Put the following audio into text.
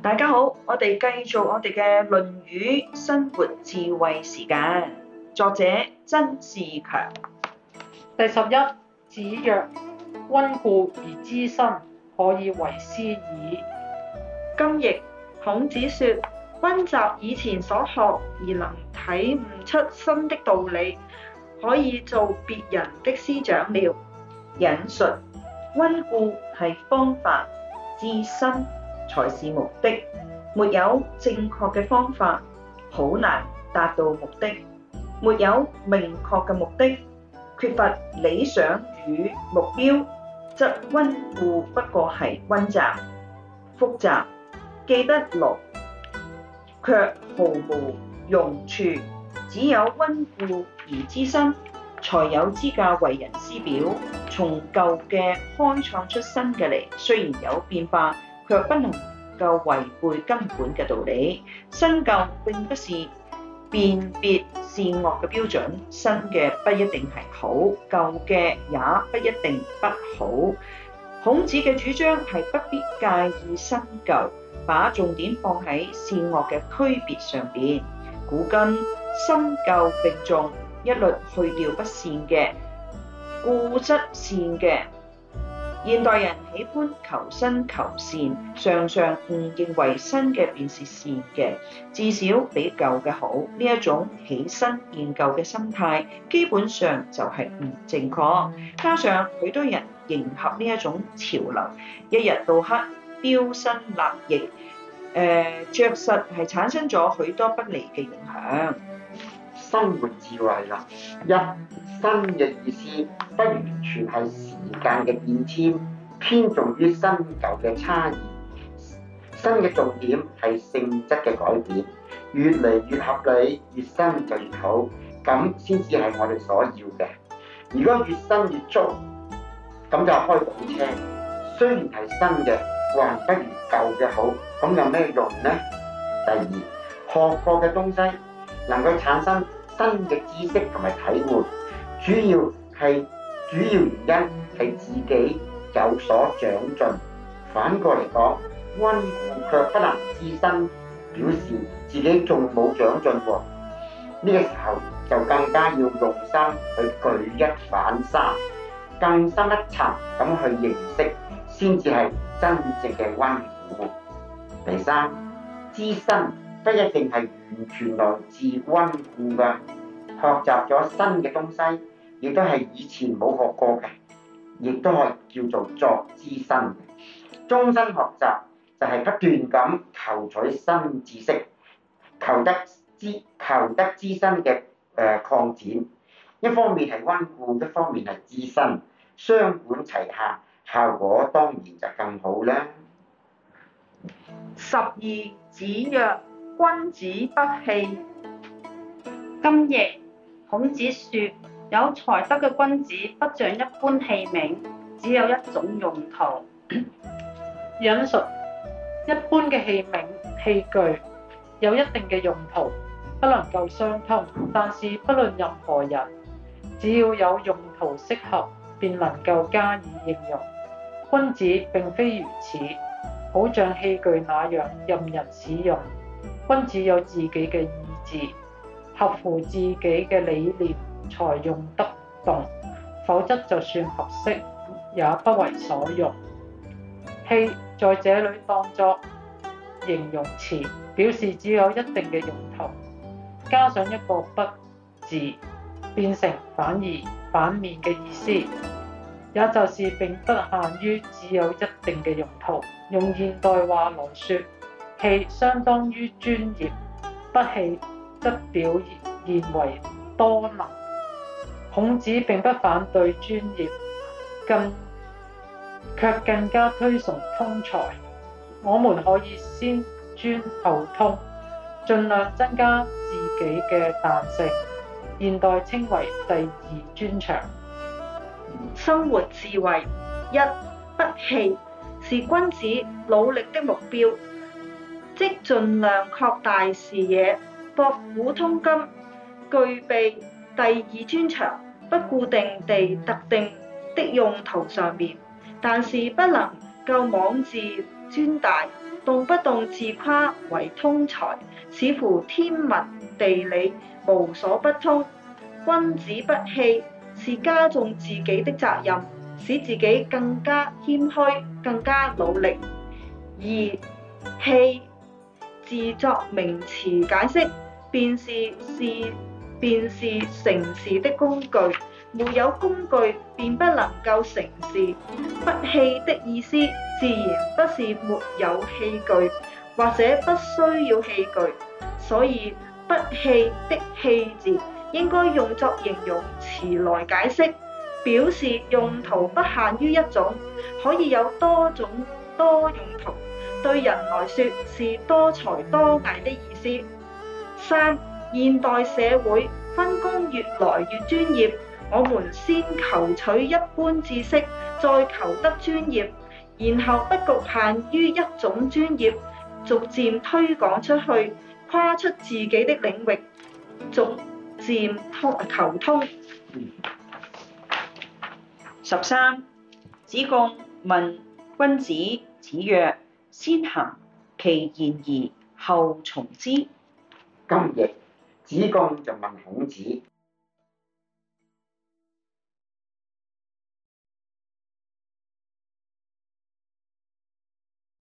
大家好，我哋繼續我哋嘅《論語》生活智慧時間，作者曾仕強。第十一，子曰：溫故而知新，可以為師矣。今譯：孔子說，溫習以前所學而能體悟出新的道理，可以做別人的師長了。引述：溫故係方法，知新。才是目的，沒有正確嘅方法，好難達到目的；沒有明確嘅目的，缺乏理想與目標，則溫故不過係溫習複習，記得牢卻毫無用處。只有溫故而知新，才有資格為人師表，從舊嘅開創出新嘅嚟。雖然有變化。卻不能夠違背根本嘅道理，新舊並不是辨別善惡嘅標準，新嘅不一定係好，舊嘅也不一定不好。孔子嘅主張係不必介意新舊，把重點放喺善惡嘅區別上邊，古今新舊並重，一律去掉不善嘅，固執善嘅。現代人喜歡求新求善，常常誤認為新嘅便是善嘅，至少比舊嘅好。呢一種喜新厭舊嘅心態，基本上就係唔正確。加上許多人迎合呢一種潮流，一日到黑標新立異，誒、呃，著實係產生咗許多不利嘅影響。生活智慧啦，一、yeah。新嘅意思不完全係時間嘅變遷，偏重於新舊嘅差異。新嘅重點係性質嘅改變，越嚟越合理，越新就越好，咁先至係我哋所要嘅。如果越新越糟，咁就開部車。雖然係新嘅，還不如舊嘅好，咁有咩用呢？第二，學過嘅東西能夠產生新嘅知識同埋體會。主要係主要原因係自己有所長進，反過嚟講，温故卻不能知新，表示自己仲冇長進喎。呢個時候就更加要用心去舉一反三，更深一層咁去認識，先至係真正嘅温故。第三，知新不一定係完全來自温故㗎。學習咗新嘅東西，亦都係以前冇學過嘅，亦都係叫做作知新。終身學習就係不斷咁求取新知識，求得知求得知新嘅誒擴展。一方面係温故，一方面係知新。雙管齊下，效果當然就更好啦。十二子曰：君子不器。今夜。孔子說：有才德嘅君子，不像一般器皿，只有一種用途。引述 一般嘅器皿器具，有一定嘅用途，不能夠相通。但是，不論任何人，只要有用途適合，便能夠加以應用。君子並非如此，好像器具那樣任人使用。君子有自己嘅意志。合乎自己嘅理念才用得動，否則就算合適也不為所用。器在這裡當作形容詞，表示只有一定嘅用途，加上一個不字，變成反而反面嘅意思，也就是並不限於只有一定嘅用途。用現代話來說，器相當於專業，不器。則表現為多能。孔子並不反對專業，更卻更加推崇通才。我們可以先專後通，盡量增加自己嘅彈性。現代稱為第二專長。生活智慧一、不器，是君子努力的目標，即盡量擴大視野。博古通今，具備第二專長，不固定地特定的用途上面，但是不能夠妄自尊大，動不動自誇為通才，似乎天文地理無所不通。君子不器，是加重自己的責任，使自己更加謙虛，更加努力。而器字作名詞解釋。便是是便是成事的工具，沒有工具便不能夠成事。不器的意思，自然不是沒有器具，或者不需要器具。所以不器的器字應該用作形容詞來解釋，表示用途不限於一種，可以有多種多用途。對人來說是多才多藝的意思。三、現代社會分工越來越專業，我們先求取一般知識，再求得專業，然後不局限於一種專業，逐漸推廣出去，跨出自己的領域，逐漸通求通。嗯、十三、子貢問君子，子曰：先行其言而後從之。今日子貢就問孔子。